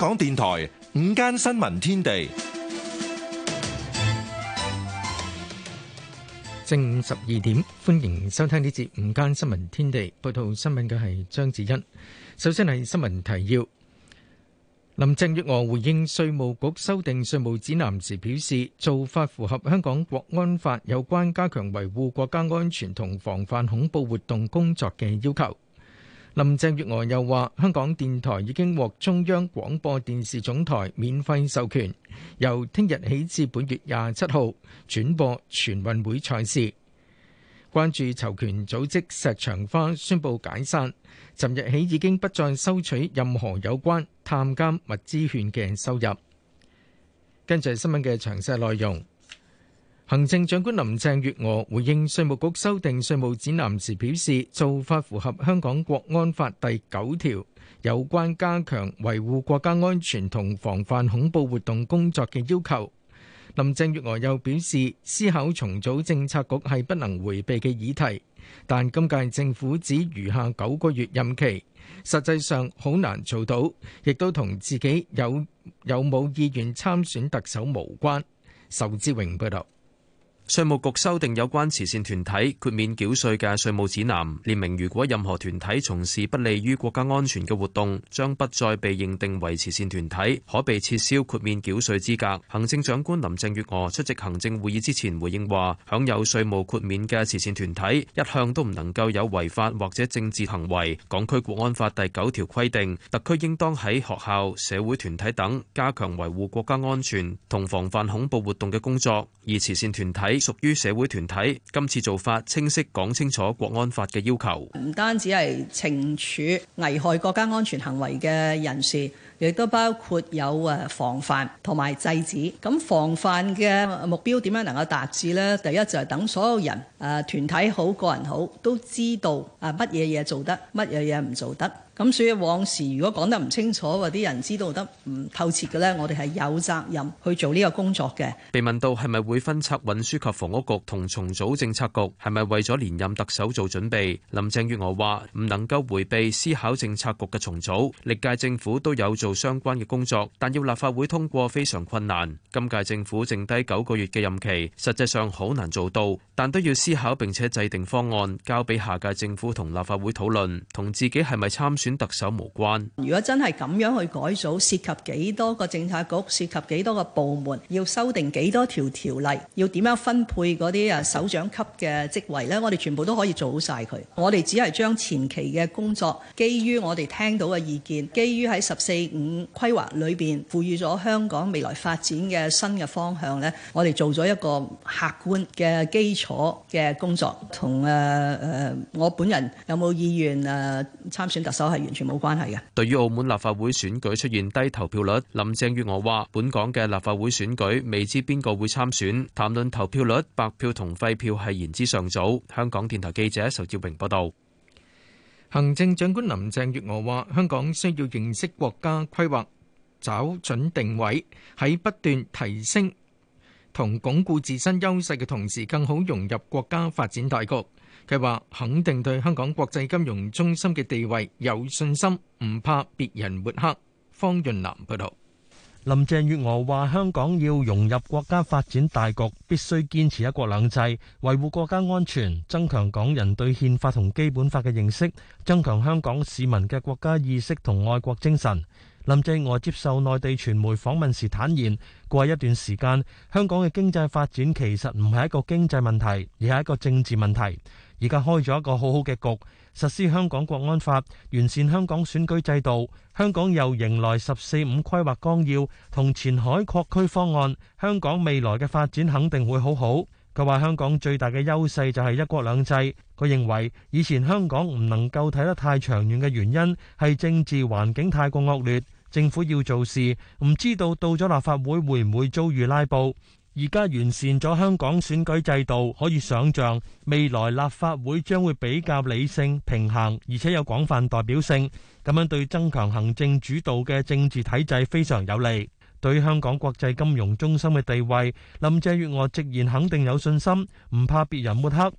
港電台午間新聞天地，正午十二點，歡迎收聽呢節午間新聞天地。報道新聞嘅係張子欣。首先係新聞提要。林鄭月娥回應稅務局修訂稅務指南時表示，做法符合香港國安法有關加強維護國家安全同防範恐怖活動工作嘅要求。林鄭月娥又話，香港電台已經獲中央廣播電視總台免費授權，由聽日起至本月廿七號轉播全運會賽事。關注囚權組織石牆花宣布解散，尋日起已經不再收取任何有關探監物資券嘅收入。跟住係新聞嘅詳細內容。行政長官林鄭月娥回應稅務局修訂稅務指南時表示，做法符合香港國安法第九條有關加強維護國家安全同防範恐怖活動工作嘅要求。林鄭月娥又表示，思考重組政策局係不能迴避嘅議題，但今屆政府只餘下九個月任期，實際上好難做到，亦都同自己有有冇意願參選特首無關。仇志榮報導。稅務局修訂有關慈善團體豁免繳稅嘅稅務指南，列明如果任何團體從事不利於國家安全嘅活動，將不再被認定為慈善團體，可被撤銷豁免繳稅資格。行政長官林鄭月娥出席行政會議之前回應話，享有稅務豁免嘅慈善團體一向都唔能夠有違法或者政治行為。港區國安法第九條規定，特區應當喺學校、社會團體等加強維護國家安全同防範恐怖活動嘅工作，而慈善團體，屬於社會團體，今次做法清晰講清楚國安法嘅要求，唔單止係懲處危害國家安全行為嘅人士。亦都包括有誒防範同埋制止。咁防範嘅目標點樣能夠達至咧？第一就係等所有人誒團體好、個人好都知道啊乜嘢嘢做得，乜嘢嘢唔做得。咁所以往時如果講得唔清楚，或啲人知道得唔透徹嘅咧，我哋係有責任去做呢個工作嘅。被問到係咪會分拆運輸及房屋局同重組政策局，係咪為咗連任特首做準備？林鄭月娥話：唔能夠回避思考政策局嘅重組，歷屆政府都有做。相關嘅工作，但要立法會通過非常困難。今屆政府剩低九個月嘅任期，實際上好難做到，但都要思考並且制定方案，交俾下屆政府同立法會討論。同自己係咪參選特首無關。如果真係咁樣去改組，涉及幾多個政策局，涉及幾多個部門，要修訂幾多條條例，要點樣分配嗰啲啊首長級嘅職位呢？我哋全部都可以做好晒佢。我哋只係將前期嘅工作，基於我哋聽到嘅意見，基於喺十四。規劃裏邊賦予咗香港未來發展嘅新嘅方向呢，我哋做咗一個客觀嘅基礎嘅工作，同誒誒我本人有冇意願誒參選特首係完全冇關係嘅。對於澳門立法會選舉出現低投票率，林鄭月娥話：本港嘅立法會選舉未知邊個會參選，談論投票率、白票同廢票係言之尚早。香港電台記者仇兆榮報道。行政長官林鄭月娥話：香港需要認識國家規劃，找準定位，喺不斷提升同鞏固自身優勢嘅同時，更好融入國家發展大局。佢話肯定對香港國際金融中心嘅地位有信心，唔怕別人抹黑。方潤南報導。林鄭月娥話：香港要融入國家發展大局，必須堅持一國兩制，維護國家安全，增強港人對憲法同基本法嘅認識，增強香港市民嘅國家意識同愛國精神。林鄭月娥接受內地傳媒訪問時坦言：過一段時間，香港嘅經濟發展其實唔係一個經濟問題，而係一個政治問題。而家開咗一個好好嘅局。實施香港國安法，完善香港選舉制度，香港又迎來十四五規劃綱要同前海擴區方案，香港未來嘅發展肯定會好好。佢話香港最大嘅優勢就係一國兩制。佢認為以前香港唔能夠睇得太長遠嘅原因係政治環境太過惡劣，政府要做事，唔知道到咗立法會會唔會遭遇拉布。而家完善咗香港選舉制度，可以想象未來立法會將會比較理性、平衡，而且有廣泛代表性。咁樣對增強行政主導嘅政治體制非常有利。對香港國際金融中心嘅地位，林鄭月娥直言肯定有信心，唔怕別人抹黑。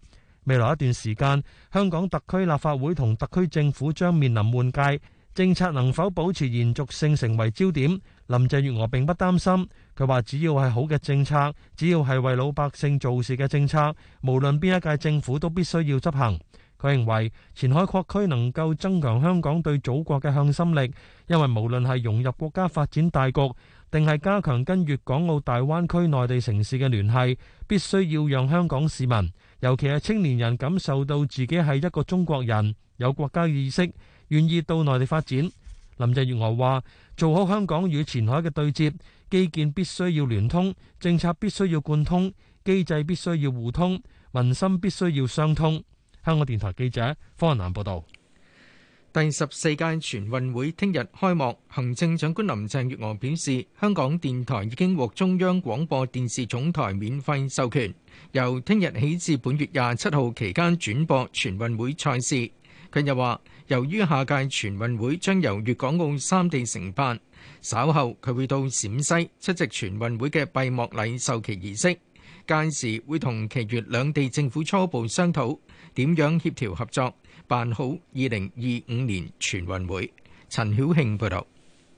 未來一段時間，香港特區立法會同特區政府將面臨換屆。政策能否保持延續性，成為焦點，林鄭月娥並不擔心，佢話只要係好嘅政策，只要係為老百姓做事嘅政策，無論邊一屆政府都必須要執行。佢認為前海擴區能夠增強香港對祖國嘅向心力，因為無論係融入國家發展大局，定係加強跟粵港澳大灣區內地城市嘅聯繫，必須要讓香港市民，尤其係青年人感受到自己係一個中國人，有國家意識，願意到內地發展。林鄭月娥話：做好香港與前海嘅對接，基建必須要聯通，政策必須要貫通，機制必須要互通，民心必須要相通。香港電台記者方文南報道。第十四屆全運會聽日開幕。行政長官林鄭月娥表示，香港電台已經獲中央廣播電視總台免費授權，由聽日起至本月廿七號期間轉播全運會賽事。近日話，由於下屆全運會將由粵港澳三地承辦，稍後佢會到陝西出席全運會嘅閉幕禮授旗儀式，屆時會同其餘兩地政府初步商討點樣協調合作，辦好二零二五年全運會。陳曉慶報道。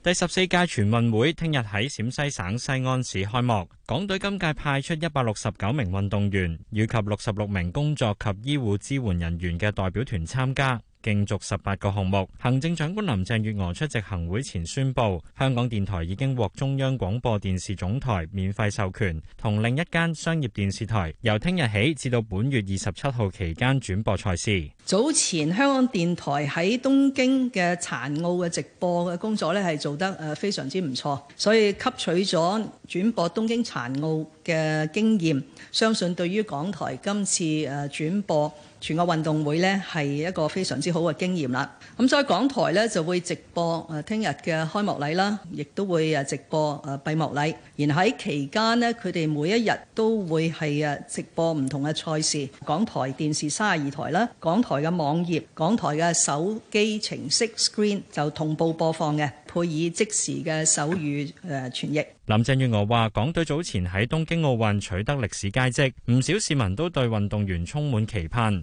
第十四屆全運會聽日喺陝西省西安市開幕，港隊今屆派出一百六十九名運動員，以及六十六名工作及醫護支援人員嘅代表團參加。競逐十八個項目，行政長官林鄭月娥出席行會前宣布，香港電台已經獲中央廣播電視總台免費授權，同另一間商業電視台由聽日起至到本月二十七號期間轉播賽事。早前香港電台喺東京嘅殘奧嘅直播嘅工作咧係做得誒非常之唔錯，所以吸取咗轉播東京殘奧嘅經驗，相信對於港台今次誒轉播。全個運動會咧係一個非常之好嘅經驗啦。咁所以港台咧就會直播誒聽日嘅開幕禮啦，亦都會誒直播誒閉幕禮。然後喺期間咧，佢哋每一日都會係誒直播唔同嘅賽事。港台電視三十二台啦，港台嘅網頁、港台嘅手機程式 Screen 就同步播放嘅，配以即時嘅手語誒傳譯。林鄭月娥話：港隊早前喺東京奧運取得歷史佳績，唔少市民都對運動員充滿期盼。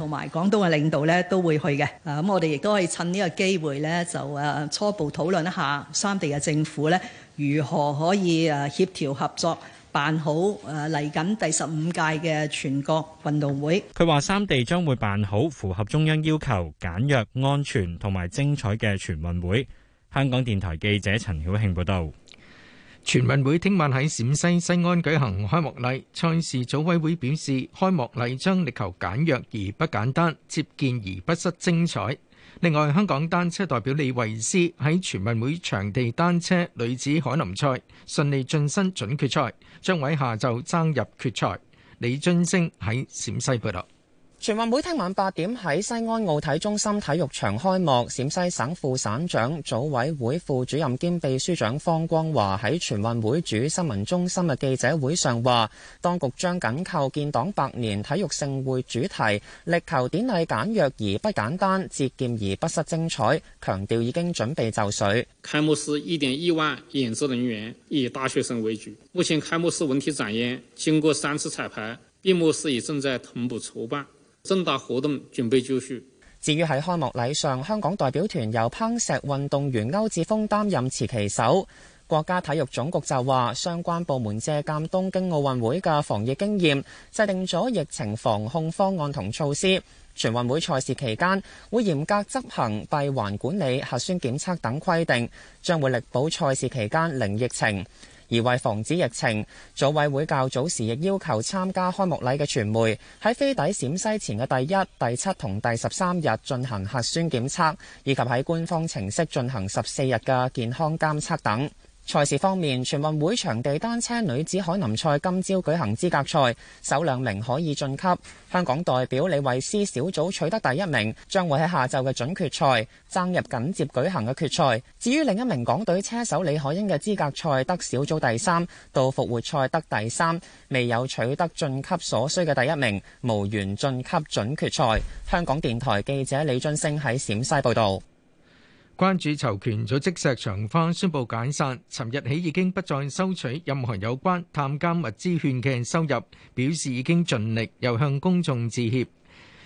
同埋廣東嘅領導咧都會去嘅，啊咁我哋亦都可以趁呢個機會咧，就誒、啊、初步討論一下三地嘅政府咧如何可以誒協調合作，辦好誒嚟緊第十五屆嘅全國運動會。佢話三地將會辦好符合中央要求、簡約、安全同埋精彩嘅全運會。香港電台記者陳曉慶報道。全運會聽晚喺陝西西安舉行開幕禮，賽事組委會表示，開幕禮將力求簡約而不簡單，節儉而不失精彩。另外，香港單車代表李慧詩喺全運會場地單車女子凱林賽順利晉身準決賽，將喺下晝爭入決賽。李津星喺陝西報道。全運會聽晚八點喺西安奧體中心體育場開幕。陝西省副省長、組委會副主任兼秘書長方光華喺全運會主新聞中心嘅記者會上話，當局將緊扣建黨百年體育盛會主題，力求典禮簡約而不簡單，節儉而不失精彩。強調已經準備就緒。開幕式一點一萬演職人員以大學生為主，目前開幕式文體展演經過三次彩排，閉幕式已正在同步籌辦。重大活動準備就緒。至於喺開幕禮上，香港代表團由攀石運動員歐志峰擔任持旗手。國家體育總局就話，相關部門借鑒東京奧運會嘅防疫經驗，制定咗疫情防控方案同措施。全運會賽事期間會嚴格執行閉環管理、核酸檢測等規定，將會力保賽事期間零疫情。而為防止疫情，組委會較早時亦要求參加開幕禮嘅傳媒，喺飛抵陝西前嘅第一、第七同第十三日進行核酸檢測，以及喺官方程式進行十四日嘅健康監測等。賽事方面，全運會場地單車女子凱林賽今朝舉行資格賽，首兩名可以晉級。香港代表李慧詩小組取得第一名，將會喺下晝嘅準決賽，爭入緊接舉行嘅決賽。至於另一名港隊車手李海英嘅資格賽得小組第三，到復活賽得第三，未有取得晉級所需嘅第一名，無緣晉級準決賽。香港電台記者李俊升喺陝西報道。關注囚權組織石牆花宣布解散，尋日起已經不再收取任何有關探監物資券嘅收入，表示已經盡力，又向公眾致歉。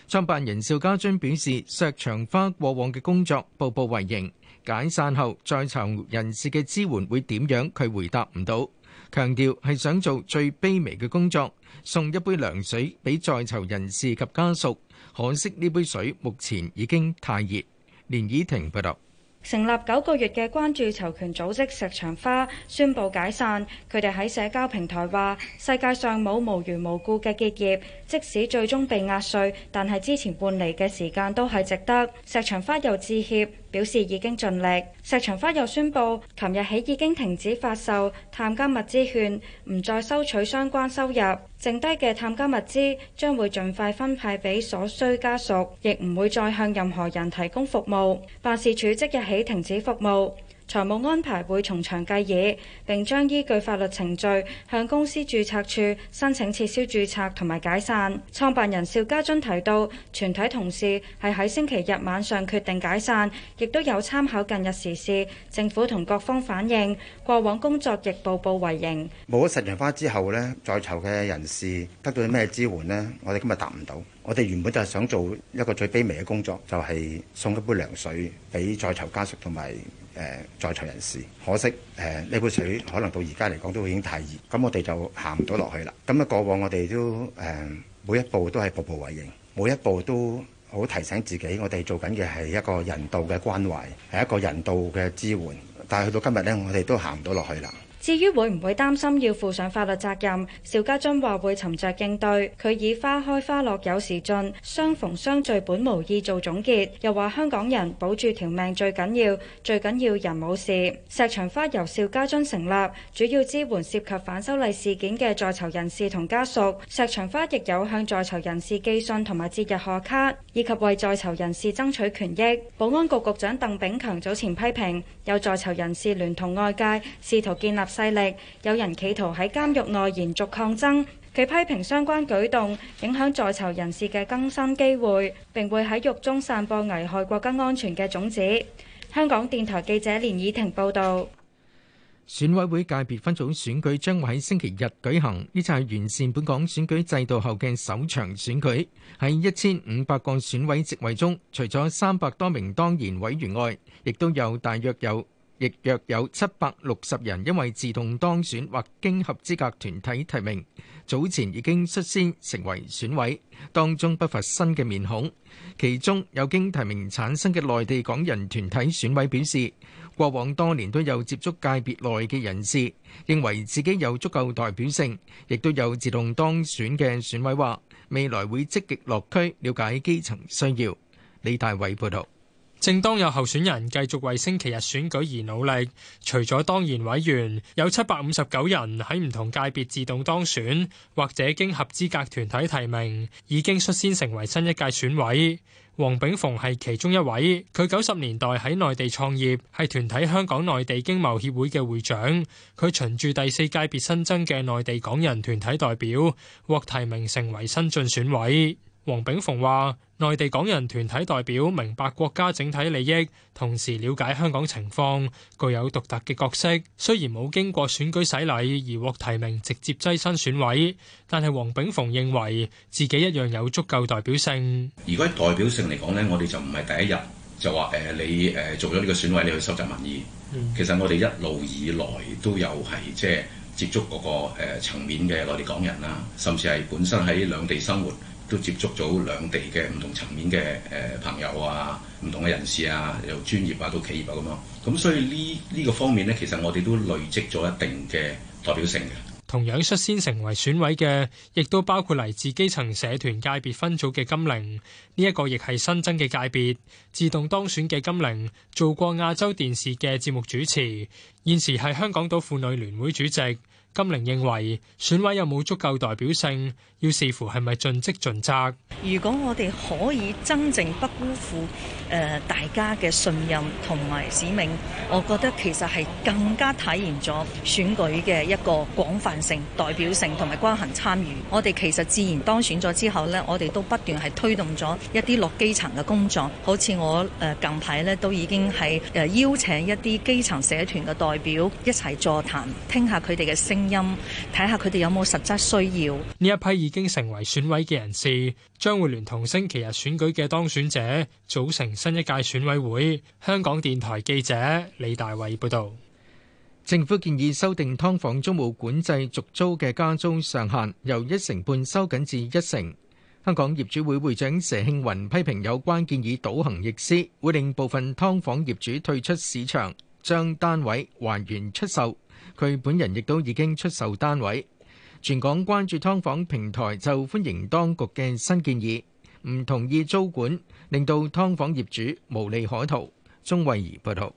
創辦人邵家臻表示，石牆花過往嘅工作步步為營，解散後在囚人士嘅支援會點樣？佢回答唔到，強調係想做最卑微嘅工作，送一杯涼水俾在囚人士及家屬。可惜呢杯水目前已經太熱。連倚婷報導。成立九個月嘅關注囚權組織石牆花宣布解散。佢哋喺社交平台話：世界上冇無緣無故嘅結業，即使最終被壓碎，但係之前換嚟嘅時間都係值得。石牆花又致歉。表示已經盡力。石長花又宣布，琴日起已經停止發售探監物資券，唔再收取相關收入。剩低嘅探監物資將會盡快分派俾所需家屬，亦唔會再向任何人提供服務。辦事處即日起停止服務。財務安排會從長計議，並將依據法律程序向公司註冊處申請撤銷註冊同埋解散。創辦人邵家臻提到，全體同事係喺星期日晚上，上決定解散，亦都有參考近日時事、政府同各方反應。過往工作亦步步，步為營。冇咗石牆花之後呢，在囚嘅人士得到啲咩支援呢？我哋今日答唔到。我哋原本就係想做一個最卑微嘅工作，就係、是、送一杯涼水俾在囚家屬同埋。誒在場人士，可惜誒呢杯水可能到而家嚟講都已經太熱，咁我哋就行唔到落去啦。咁啊過往我哋都誒、呃、每一步都係步步為營，每一步都好提醒自己，我哋做緊嘅係一個人道嘅關懷，係一個人道嘅支援。但係去到今日呢，我哋都行唔到落去啦。至於會唔會擔心要負上法律責任，邵家臻話會沉着應對。佢以花開花落有時盡，相逢相聚本無意做總結。又話香港人保住條命最緊要，最緊要人冇事。石牆花由邵家臻成立，主要支援涉及反修例事件嘅在囚人士同家屬。石牆花亦有向在囚人士寄信同埋節日賀卡，以及為在囚人士爭取權益。保安局局長鄧炳強早前批評，有在囚人士聯同外界試圖建立勢力有人企圖喺監獄內延續抗爭，佢批評相關舉動影響在囚人士嘅更新機會，並會喺獄中散播危害國家安全嘅種子。香港電台記者連以婷報道。選委會界別分組選舉將會喺星期日舉行，呢就係完善本港選舉制度後嘅首場選舉。喺一千五百個選委席位中，除咗三百多名當然委員外，亦都有大約有，亦約有七百六十人因為自動當選或經合資格團體提名，早前已經率先成為選委，當中不乏新嘅面孔。其中有經提名產生嘅內地港人團體選委表示，過往多年都有接觸界別內嘅人士，認為自己有足夠代表性。亦都有自動當選嘅選委話，未來會積極落區了解基層需要。李大偉報導。正當有候選人繼續為星期日選舉而努力，除咗當然委員，有七百五十九人喺唔同界別自動當選或者經合資格團體提名，已經率先成為新一屆選委。黃炳逢係其中一位，佢九十年代喺內地創業，係團體香港內地經貿協會嘅會長，佢循住第四界別新增嘅內地港人團體代表，獲提名成為新晉選委。黃炳鋒話：內地港人團體代表明白國家整體利益，同時了解香港情況，具有獨特嘅角色。雖然冇經過選舉洗禮而獲提名，直接躋身選委，但係黃炳鋒認為自己一樣有足夠代表性。如果代表性嚟講咧，我哋就唔係第一日就話誒、呃，你誒做咗呢個選委，你去收集民意。其實我哋一路以來都有係即係接觸嗰個誒層面嘅內地港人啦，甚至係本身喺兩地生活。都接觸咗兩地嘅唔同層面嘅誒朋友啊，唔同嘅人士啊，由專業啊到企業啊咁樣。咁、嗯、所以呢呢、這個方面呢，其實我哋都累積咗一定嘅代表性嘅。同樣率先成為選委嘅，亦都包括嚟自基層社團界別分組嘅金玲。呢、這、一個亦係新增嘅界別，自動當選嘅金玲，做過亞洲電視嘅節目主持，現時係香港島婦女聯會主席。金玲認為選委有冇足夠代表性，要視乎係咪盡職盡責。如果我哋可以真正不辜負誒大家嘅信任同埋使命，我覺得其實係更加體現咗選舉嘅一個廣泛性、代表性同埋均衡參與。我哋其實自然當選咗之後咧，我哋都不斷係推動咗一啲落基層嘅工作，好似我誒近排咧都已經係誒邀請一啲基層社團嘅代表一齊座談，聽下佢哋嘅聲音睇下佢哋有冇實質需要。呢一批已經成為選委嘅人士，將會聯同星期日選舉嘅當選者，組成新一屆選委會。香港電台記者李大偉報道。政府建議修訂劏房租務管制續租嘅加租上限，由一成半收緊至一成。香港業主會會長佘慶雲批評有關建議倒行逆施，會令部分劏房業主退出市場，將單位還原出售。佢本人亦都已經出售單位。全港關注劏房平台就歡迎當局嘅新建議，唔同意租管，令到劏房業主無利可圖。鍾慧儀報導。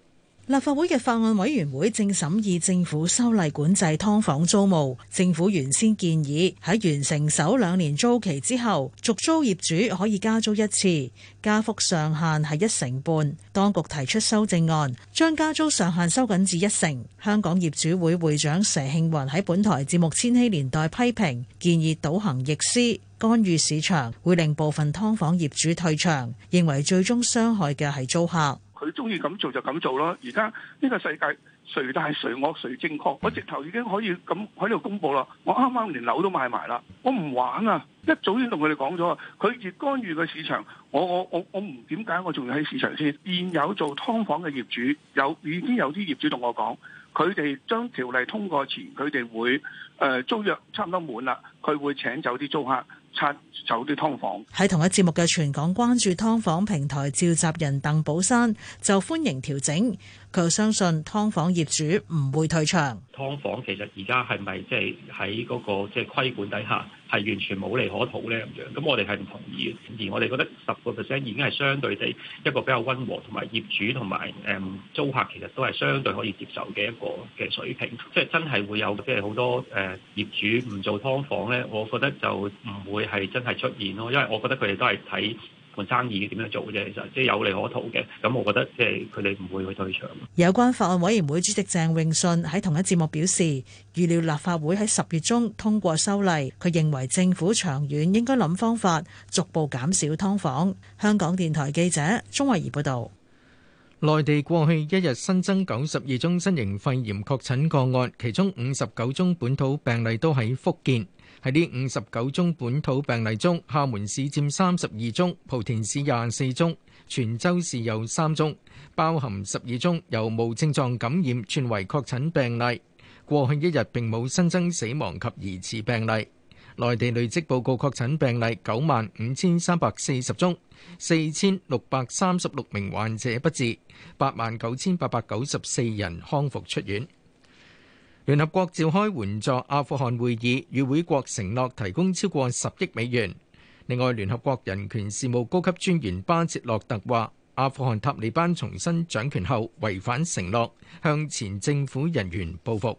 立法會嘅法案委員會正審議政府修例管制劏房租務。政府原先建議喺完成首兩年租期之後，續租業主可以加租一次，加幅上限係一成半。當局提出修正案，將加租上限收緊至一成。香港業主會會長佘慶雲喺本台節目《千禧年代》批評，建議倒行逆施，干預市場會令部分劏房業主退場，認為最終傷害嘅係租客。佢中意咁做就咁做咯，而家呢個世界誰大誰惡誰正確？我直頭已經可以咁喺度公布啦。我啱啱連樓都賣埋啦，我唔玩啊！一早已經同佢哋講咗佢越干預嘅市場，我我我我唔點解我仲要喺市場先？現有做㓥房嘅業主有已經有啲業主同我講，佢哋將條例通過前，佢哋會誒租約差唔多滿啦，佢會請走啲租客。走啲劏房。喺同一節目嘅全港關注劏房平台召集人鄧寶山就歡迎調整。佢相信劏房業主唔會退場。劏房其實而家係咪即係喺嗰個即係規管底下係完全冇利可圖咧？咁樣，咁我哋係唔同意嘅。而我哋覺得十個 percent 已經係相對地一個比較溫和，同埋業主同埋誒租客其實都係相對可以接受嘅一個嘅水平。即係真係會有即係好多誒業主唔做劏房咧，我覺得就唔會係真係出現咯。因為我覺得佢哋都係睇。做生意嘅點樣做啫？其實即係有利可圖嘅，咁我覺得即係佢哋唔會去退場。有關法案委員會主席鄭泳舜喺同一節目表示，預料立法會喺十月中通過修例。佢認為政府長遠應該諗方法，逐步減少劏房。香港電台記者鍾慧儀報導。內地過去一日新增九十二宗新型肺炎確診個案，其中五十九宗本土病例都喺福建。喺呢五十九宗本土病例中，廈門市佔三十二宗，莆田市廿四宗，泉州市有三宗，包含十二宗由無症狀感染轉為確診病例。過去一日並冇新增死亡及疑似病例。內地累積報告確診病例九萬五千三百四十宗，四千六百三十六名患者不治，八萬九千八百九十四人康復出院。聯合國召開援助阿富汗會議，與會國承諾提供超過十億美元。另外，聯合國人權事務高級專員巴切洛特話：阿富汗塔利班重新掌權後違反承諾，向前政府人員報復。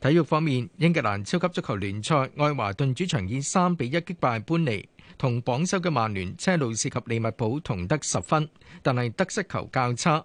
體育方面，英格蘭超級足球聯賽愛華頓主場以三比一擊敗般尼，同榜首嘅曼聯、車路士及利物浦同得十分，但係得失球較差。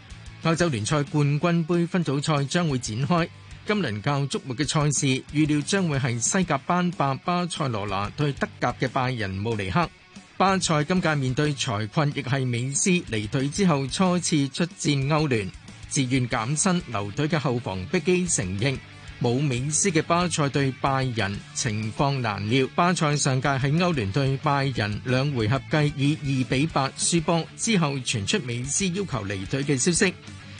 歐洲聯賽冠軍盃分組賽將會展開，今輪較矚目嘅賽事，預料將會係西甲班霸巴塞羅那對德甲嘅拜仁慕尼黑。巴塞今屆面對財困，亦係美斯離隊之後初次出戰歐聯，自願減薪留隊嘅後防碧基承認。冇美斯嘅巴塞對拜仁情況難料，巴塞上屆喺歐聯對拜仁兩回合計以二比八輸波，之後傳出美斯要求離隊嘅消息。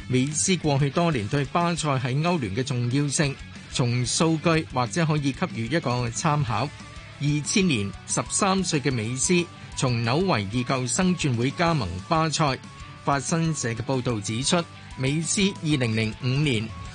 美斯過去多年對巴塞喺歐聯嘅重要性，從數據或者可以給予一個參考。二千年十三歲嘅美斯從紐維爾舊生轉會加盟巴塞，法新社嘅報道指出，美斯二零零五年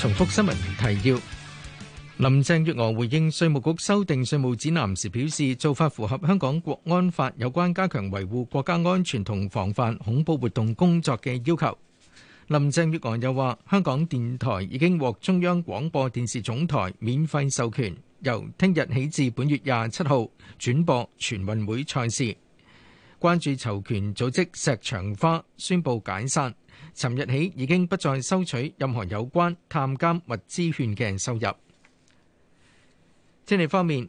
重複新聞提要。林鄭月娥回應稅務局修訂稅務指南時表示，做法符合香港國安法有關加強維護國家安全同防範恐怖活動工作嘅要求。林鄭月娥又話，香港電台已經獲中央廣播電視總台免費授權，由聽日起至本月廿七號轉播全運會賽事。關注籌權組織石牆花宣佈解散。尋日起已經不再收取任何有關探監物資券嘅收入。天氣方面，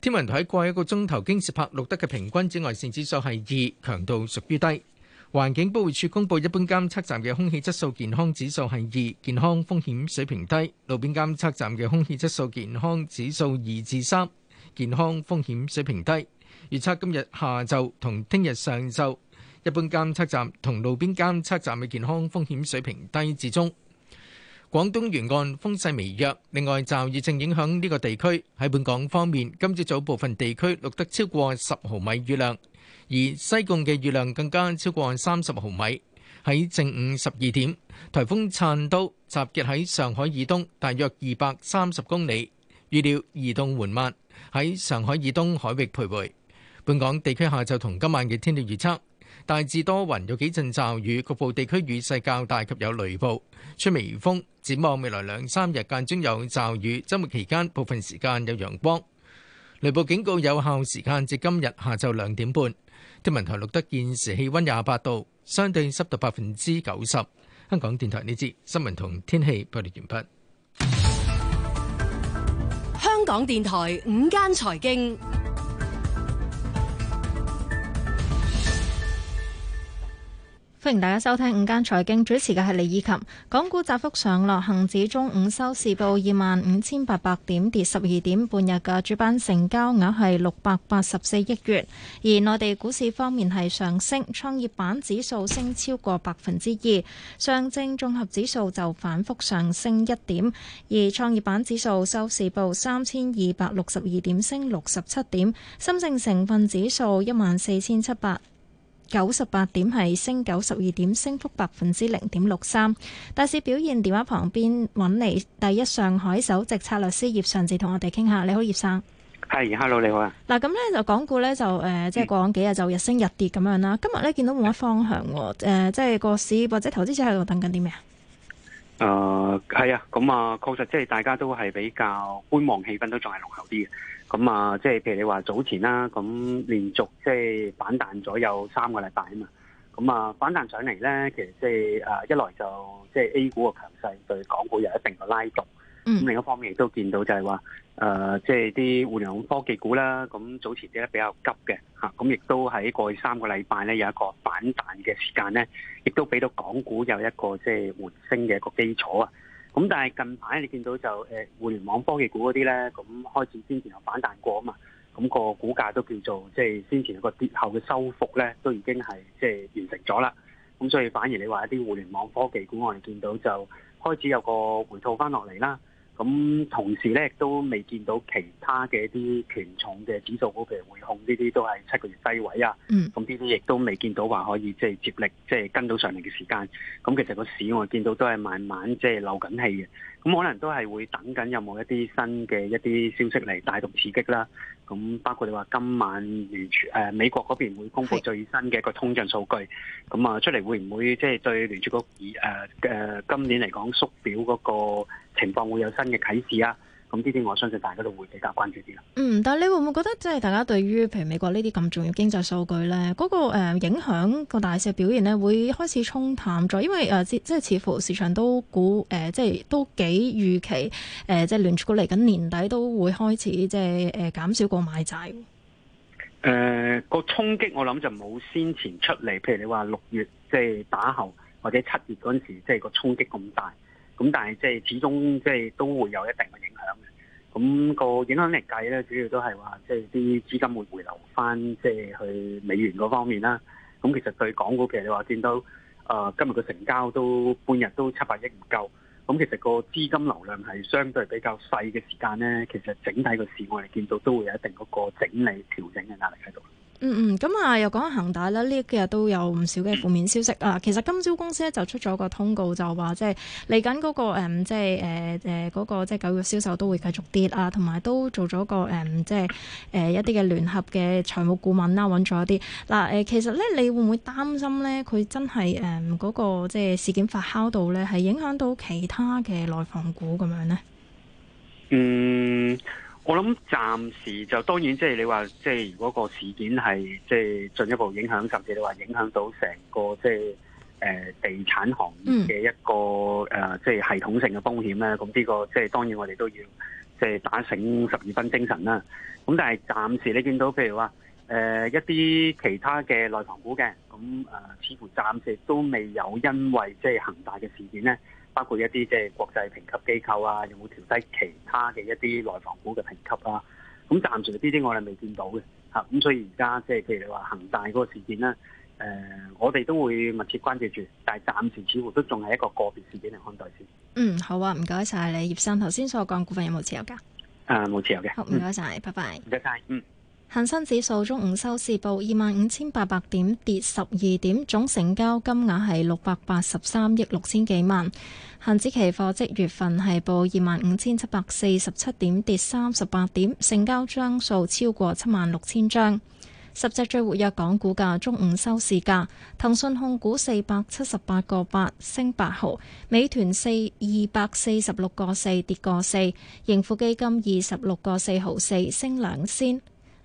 天文台喺過去一個鐘頭喺京士柏錄得嘅平均紫外線指數係二，強度屬於低。環境保護署公布一般監測站嘅空氣質素健康指數係二，健康風險水平低。路邊監測站嘅空氣質素健康指數二至三，健康風險水平低。預測今日下晝同聽日上晝。一般監測站同路邊監測站嘅健康風險水平低至中。廣東沿岸風勢微弱，另外驟雨正影響呢個地區。喺本港方面，今朝早部分地區錄得超過十毫米雨量，而西貢嘅雨量更加超過三十毫米。喺正午十二點，颱風燦都集結喺上海以東大約二百三十公里，預料移動緩慢，喺上海以東海域徘徊。本港地區下晝同今晚嘅天氣預測。大致多雲，有幾陣驟雨，局部地區雨勢較大及有雷暴，吹微風。展望未來兩三日間，間中有驟雨。周末期間，部分時間有陽光。雷暴警告有效時間至今日下晝兩點半。天文台錄得現時氣溫廿八度，相對濕度百分之九十。香港電台呢節新聞同天氣報道完畢。香港電台午間財經。歡迎大家收聽午間財經，主持嘅係李以琴。港股窄幅上落，恒指中午收市報二萬五千八百點，跌十二點。半日嘅主板成交額係六百八十四億元。而內地股市方面係上升，創業板指數升超過百分之二，上證綜合指數就反覆上升一點。而創業板指數收市報三千二百六十二點，升六十七點。深證成分指數一萬四千七百。九十八點係升九十二點，升幅百分之零點六三。大市表現，電話旁邊揾嚟第一上海首席策略師葉尚志同我哋傾下。你好，葉生。係、hey，hello，你好啊。嗱、啊，咁咧就港股咧就誒，即、呃、係、就是、過咗幾日就日升日跌咁樣啦。今日咧見到冇乜方向喎、啊，即係個市或者投資者喺度等緊啲咩啊？誒、呃，係啊，咁啊，確實即係大家都係比較觀望氣氛都仲係濃厚啲嘅。咁啊，即係譬如你話早前啦，咁連續即係反彈咗有三個禮拜啊嘛，咁啊反彈上嚟咧，其實即係啊一來就即係、就是、A 股嘅強勢對港股有一定嘅拉動，咁、嗯、另一方面亦都見到就係話，誒即係啲互聯網科技股啦，咁早前跌得比較急嘅吓，咁亦都喺過去三個禮拜咧有一個反彈嘅時間咧，亦都俾到港股有一個即係回升嘅一個基礎啊。咁但係近排你見到就誒互聯網科技股嗰啲咧，咁開始先前有反彈過啊嘛，咁、那個股價都叫做即係、就是、先前有個跌後嘅收復咧，都已經係即係完成咗啦。咁所以反而你話一啲互聯網科技股，我哋見到就開始有個回吐翻落嚟啦。咁同時咧，亦都未見到其他嘅一啲權重嘅指數股，譬如匯控呢啲，都係七個月低位啊。嗯。咁呢啲亦都未見到話可以即係接力，即係跟到上嚟嘅時間。咁其實個市我見到都係慢慢即係漏緊氣嘅。咁可能都係會等緊有冇一啲新嘅一啲消息嚟帶動刺激啦。咁包括你話今晚聯儲、呃、美國嗰邊會公佈最新嘅個通脹數據，咁啊出嚟會唔會即係對聯儲局以誒嘅今年嚟講縮表嗰個情況會有新嘅啟示啊？咁呢啲，我相信大家都會比較關注啲啦。嗯，但係你會唔會覺得，即係大家對於譬如美國呢啲咁重要經濟數據咧，嗰、那個、呃、影響個大小表現咧，會開始沖淡咗？因為誒、呃、即係似乎市場都估誒、呃，即係都幾預期誒、呃，即係聯儲局嚟緊年底都會開始即係誒、呃、減少個買債。誒、呃，那個衝擊，我諗就冇先前出嚟，譬如你話六月即係、就是、打後或者七月嗰陣時，即、就、係、是、個衝擊咁大。咁但係即係始終即係都會有一定嘅影響嘅。咁、個影響力計咧，主要都係話即係啲資金會回流返即係去美元嗰方面啦。咁其實對港股其實你話見到，啊、呃、今日個成交都半日都七百億唔夠。咁其實個資金流量係相對比較細嘅時間咧，其實整體個市我哋見到都會有一定嗰個整理調整嘅壓力喺度。嗯嗯，咁、嗯、啊，又講下恒大啦。呢幾日都有唔少嘅負面消息啊。其實今朝公司咧就出咗個通告，就話即係嚟緊嗰個誒，即係誒誒嗰個、嗯、即係九、呃那個、月銷售都會繼續跌，啊，同埋都做咗個誒、嗯，即係誒、呃、一啲嘅聯合嘅財務顧問啦，揾咗一啲。嗱、啊、誒，其實咧你會唔會擔心咧？佢真係誒嗰個即係事件發酵度咧，係影響到其他嘅內房股咁樣呢？嗯。我諗暫時就當然，即係你話，即係如果個事件係即係進一步影響，甚至你話影響到成個即係誒地產行業嘅一個誒即係系統性嘅風險咧，咁呢、這個即係、就是、當然我哋都要即係、就是、打醒十二分精神啦。咁但係暫時你見到，譬如話誒、呃、一啲其他嘅內塘股嘅，咁誒、呃、似乎暫時都未有因為即係恒大嘅事件咧。包括一啲即係國際評級機構啊，有冇調低其他嘅一啲內房股嘅評級啊？咁暫時呢啲我哋未見到嘅嚇，咁、嗯、所以而家即係譬如你話恒大嗰個事件啦，誒、呃、我哋都會密切關注住，但係暫時似乎都仲係一個個別事件嚟看待先。嗯，好啊，唔該晒。你，葉生頭先所講股份有冇持有㗎？誒、呃，冇持有嘅。好，唔該晒。拜拜。唔該晒。嗯。恒生指數中午收市報二萬五千八百點，跌十二點，總成交金額係六百八十三億六千幾萬。恒指期貨即月份係報二萬五千七百四十七點，跌三十八點，成交張數超過七萬六千張。十隻最活躍港股價中午收市價，騰訊控股四百七十八個八升八毫，美團四二百四十六個四跌個四，盈富基金二十六個四毫四升兩仙。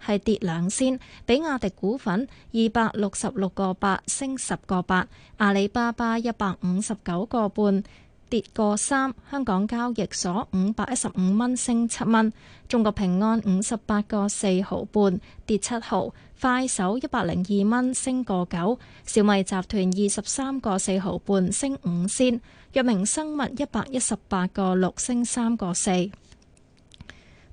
係跌兩仙，比亞迪股份二百六十六個八，升十個八；阿里巴巴一百五十九個半，跌個三；香港交易所五百一十五蚊，升七蚊；中國平安五十八個四毫半，跌七毫；快手一百零二蚊，升個九；小米集團二十三個四毫半，升五仙；藥明生物一百一十八個六，升三個四。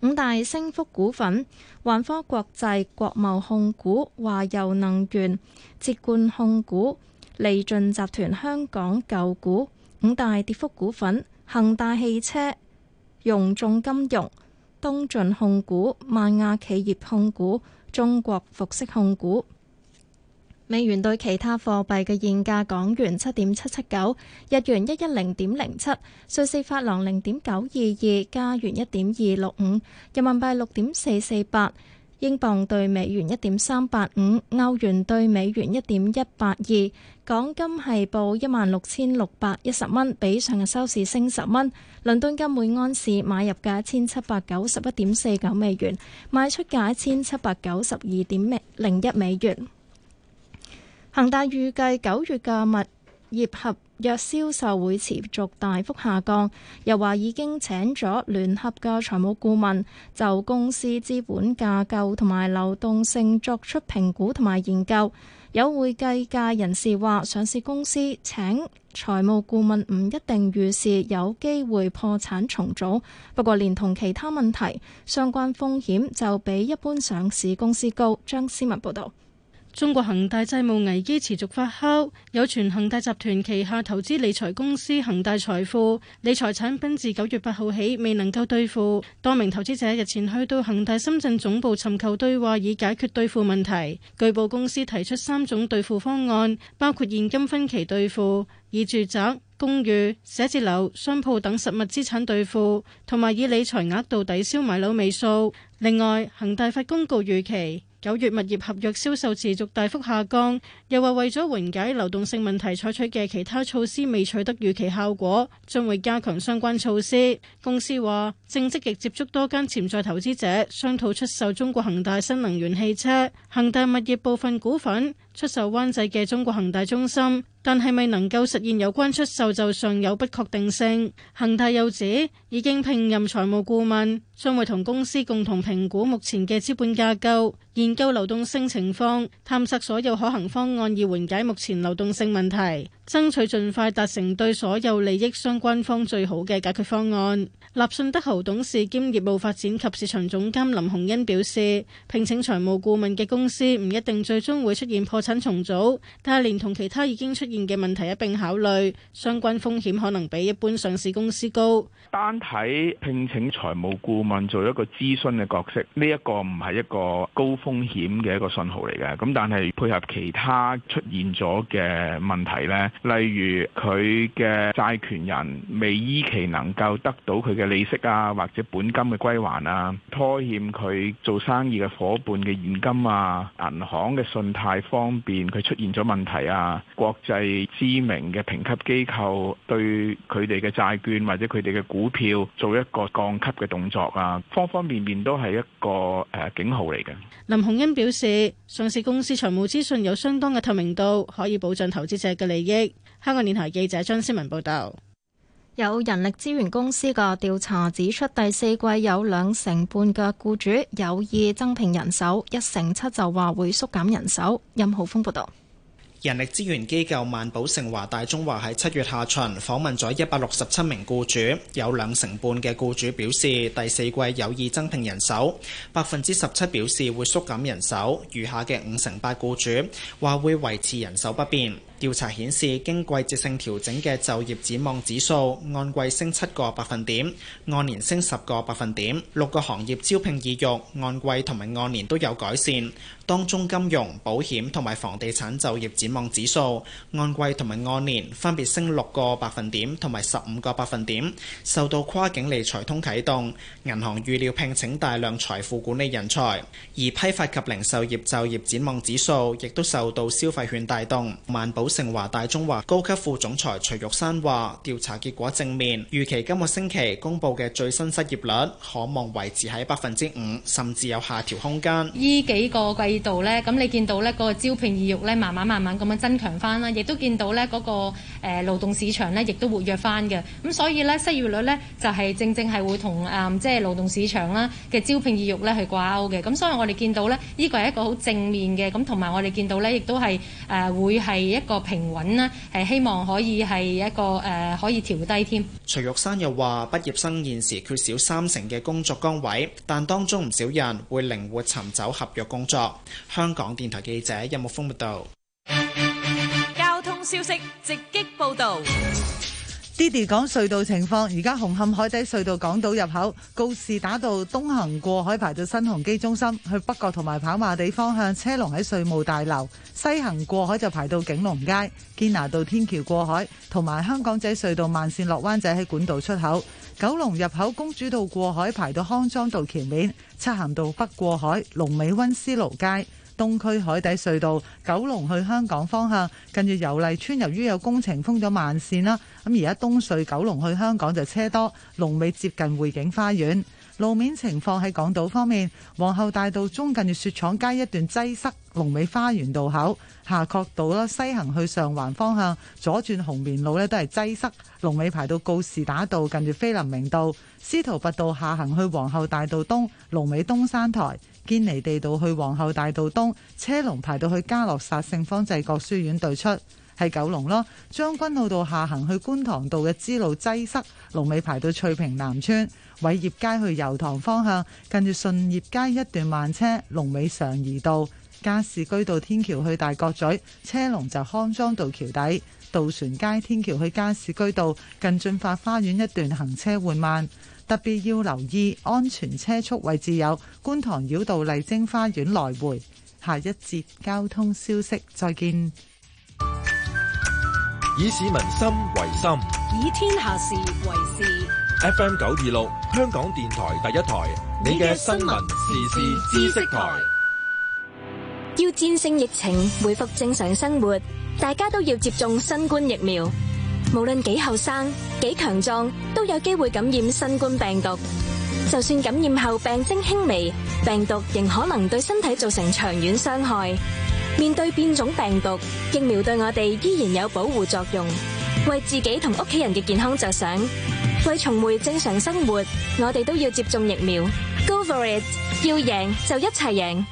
五大升幅股份：環科國際、國貿控股、華油能源、捷冠控股、利進集團香港舊股。五大跌幅股份：恒大汽車、融眾金融、東進控股、萬亞企業控股、中國服飾控股。美元兌其他貨幣嘅現價，港元七點七七九，日元一一零點零七，瑞士法郎零點九二二，加元一點二六五，人民幣六點四四八，英鎊對美元一點三八五，歐元對美元一點一八二。港金係報一萬六千六百一十蚊，比上日收市升十蚊。倫敦金每安士買入價一千七百九十一點四九美元，賣出價一千七百九十二點零一美元。恒大預計九月嘅物業合約銷售會持續大幅下降，又話已經請咗聯合嘅財務顧問，就公司資本架構同埋流動性作出評估同埋研究。有會計界人士話，上市公司請財務顧問唔一定預示有機會破產重組，不過連同其他問題，相關風險就比一般上市公司高。張思文報導。中國恒大債務危機持續發酵，有傳恒大集團旗下投資理財公司恒大財富理財產品自九月八號起未能夠兌付，多名投資者日前去到恒大深圳總部尋求對話以解決兌付問題。據報公司提出三種兌付方案，包括現金分期兌付、以住宅、公寓、寫字樓、商鋪等實物資產兌付，同埋以理財額度抵消買樓尾數。另外，恒大發公告預期。九月物業合約銷售持續大幅下降，又話為咗緩解流動性問題採取嘅其他措施未取得預期效果，將會加強相關措施。公司話正積極接觸多間潛在投資者，商討出售中國恒大新能源汽車、恒大物業部分股份、出售灣仔嘅中國恒大中心。但係未能夠實現有關出售就尚有不確定性。恒大又指已經聘任財務顧問，將會同公司共同評估目前嘅資本架構，研究流動性情況，探索所有可行方案，以緩解目前流動性問題。爭取盡快達成對所有利益相關方最好嘅解決方案。立信德豪董事兼業務發展及市場總監林洪恩表示，聘請財務顧問嘅公司唔一定最終會出現破產重組，但係連同其他已經出現嘅問題一並考慮，相關風險可能比一般上市公司高。單睇聘請財務顧問做一個諮詢嘅角色，呢一個唔係一個高風險嘅一個信號嚟嘅。咁但係配合其他出現咗嘅問題呢。例如佢嘅債權人未依期能夠得到佢嘅利息啊，或者本金嘅歸還啊，拖欠佢做生意嘅夥伴嘅現金啊，銀行嘅信貸方面佢出現咗問題啊，國際知名嘅評級機構對佢哋嘅債券或者佢哋嘅股票做一個降級嘅動作啊，方方面面都係一個誒警號嚟嘅。林洪恩表示，上市公司財務資訊有相當嘅透明度，可以保障投資者嘅利益。香港電台記者張思文報道，有人力資源公司嘅調查指出，第四季有兩成半嘅僱主有意增聘人手，一成七就話會縮減人手。任浩峰報道。人力資源機構萬寶盛華大中華喺七月下旬訪問咗一百六十七名僱主，有兩成半嘅僱主表示第四季有意增聘人手，百分之十七表示會縮減人手，餘下嘅五成八僱主話會維持人手不變。調查顯示，經季節性調整嘅就業展望指數按季升七個百分點，按年升十個百分點。六個行業招聘意欲按季同埋按年都有改善，當中金融、保險同埋房地產就業展望指數按季同埋按年分別升六個百分點同埋十五個百分點。受到跨境理財通啟動，銀行預料聘請大量財富管理人才，而批發及零售業就業展望指數亦都受到消費券帶動，萬寶成華大中華高級副總裁徐玉山話：調查結果正面，預期今個星期公布嘅最新失業率可望維持喺百分之五，甚至有下調空間。呢幾個季度呢，咁你見到呢嗰個招聘意欲呢，慢慢慢慢咁樣增強翻啦，亦都見到呢嗰個誒勞動市場呢，亦都活躍翻嘅。咁所以呢，失業率呢，就係正正係會同誒即係勞動市場啦嘅招聘意欲呢，係掛鈎嘅。咁所以我哋見到呢，呢個係一個好正面嘅，咁同埋我哋見到呢，亦都係誒會係一個。平穩呢，係希望可以係一個誒，可以調低添。徐玉山又話，畢業生現時缺少三成嘅工作崗位，但當中唔少人會靈活尋找合約工作。香港電台記者任木風報道。交通消息直擊報道。Didi 講隧道情況，而家紅磡海底隧道港島入口告士打道東行過海排到新鴻基中心，去北角同埋跑馬地方向車龍喺稅務大樓；西行過海就排到景隆街堅拿道天橋過海，同埋香港仔隧道慢線落灣仔喺管道出口；九龍入口公主道過海排到康莊道橋面，漆咸道北過海龍尾溫思勞街。東區海底隧道九龍去香港方向，近住油麗邨，由於有工程封咗慢線啦，咁而家東隧九龍去香港就車多。龍尾接近匯景花園路面情況喺港島方面，皇后大道中近住雪廠街一段擠塞，龍尾花園道口、夏慤道啦，西行去上環方向，左轉紅棉路呢都係擠塞，龍尾排到告士打道，近住菲林明道、司徒拔道下行去皇后大道東，龍尾東山台。堅尼地道去皇后大道東車龍排到去嘉諾撒聖方濟各書院對出，係九龍咯。將軍澳道下行去觀塘道嘅支路擠塞，龍尾排到翠屏南村。偉業街去油塘方向，近住順業街一段慢車，龍尾上怡道。加士居道天橋去大角咀車龍就康莊道橋底，渡船街天橋去加士居道近駿發花園一段行車緩慢。特別要留意安全車速位置有觀塘繞道麗晶花園來回。下一節交通消息，再見。以市民心為心，以天下事為事。F M 九二六，香港電台第一台，你嘅新聞、時事、知識台。要戰勝疫情，回復正常生活，大家都要接種新冠疫苗。無論幾後生、幾強壯，都有機會感染新冠病毒。就算感染後病徵輕微，病毒仍可能對身體造成長遠傷害。面對變種病毒，疫苗對我哋依然有保護作用。為自己同屋企人嘅健康着想，為重回正常生活，我哋都要接種疫苗。Go for it！要贏就一齊贏。